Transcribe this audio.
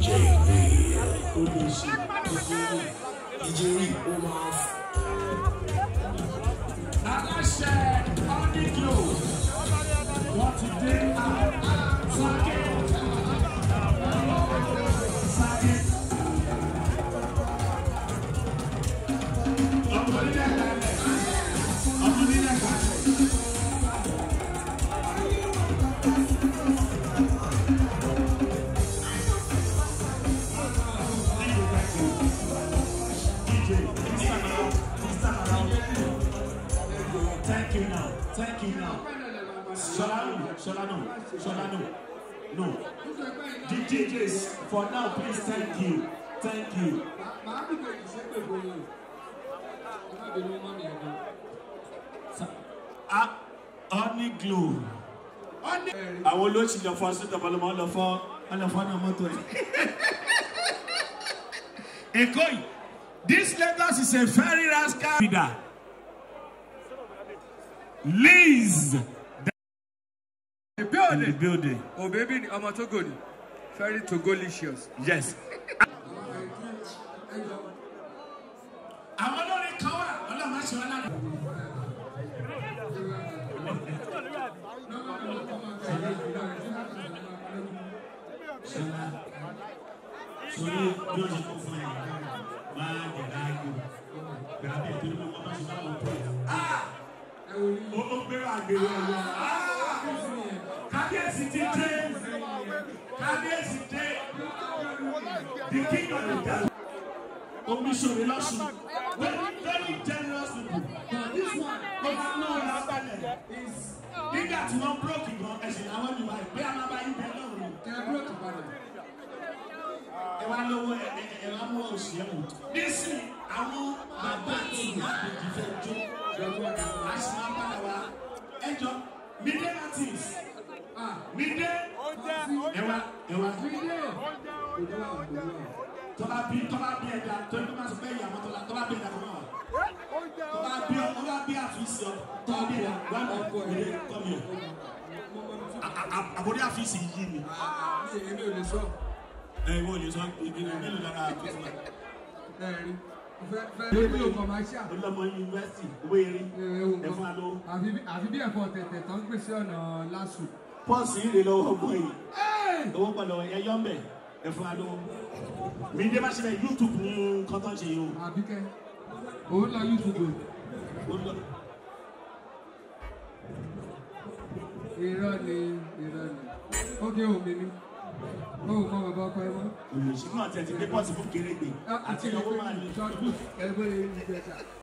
JV. DJ Omar. you now. Thank you now. Solano, Solano, Solano. No. The DJs, for now, please thank you. Thank you. Ah, honey glue. Àwọn olóṣì lọ fọ́ sí tọ́pọ̀lọpọ̀ ọ The fọ́ ọ lọ fọ́ náà mọ́tò Ekoi, this Lagos is a very rascal. Liz. The building. In the building. Oh, baby, I'm a Togoni. Very Togolicious. Yes. àwọn olórin kan wà ọlọ́run òun ló gbé àgbèrè ọ̀wọ́. kábíyèsí ti dé kábíyèsí dé the king of the dance. Omiṣore lọ́sùn very very generous people. This one ọ̀nà ọ̀nà abalẹ̀ nígbà tí wọ́n búrọ́kì gan ẹ̀sìn àwọn ìwà ìgbé alábàáyé bẹ́ẹ̀ náà rò. Ẹ búrọ́kì padà ẹ wá lọ́wọ́ ẹ ẹ wá mú ọ̀sì ẹ̀ wò. Nísìn àwọn bàbá máa padà wá ẹjọ́ midday artist ah, midday ẹwà ẹwà tọ́ba bí tọ́ba bí ẹ̀dá torí bí wọ́n sọ pé ìyàwó tọ́ba tọ́ba bí ẹ̀dá kọ́ náà tọ́ba bí ọ tọ́ba bí àfíìsì ọ tọ́ba bí ẹ̀dá wọ́n mọ̀ ọ́ ilé tọ́mi ọ àbọ̀dé àfíìsì yìí ah, mi. ẹ ẹ wọ́n ò lè sọ ìgbìlẹ̀ mélòó lára àtúntò náà lórí olùlọmọ yunifásitì owó erin eh, eh, ẹfun alo. àfi bí ẹ̀fọ́ tẹ̀tẹ̀ tó ń pèsè ọ̀nà lásù. pọ́ọ̀sì yìí lè lọ́wọ́ bọ̀ yìí eh! owó padà ẹyọ ń bẹ̀ ẹfun alo. mi dé máa ṣe youtube ní kọ́tọ́ ṣe yìí o. àbíkẹ́ òun lọ youtube o. irọ́ ó gé omi mo ò mọ bàbá ọkọ ẹ mọ. òyìnbó náà tẹ̀ ti dé pọ́ọ̀tì fún kéré gbé àti ìyàwó máa lè.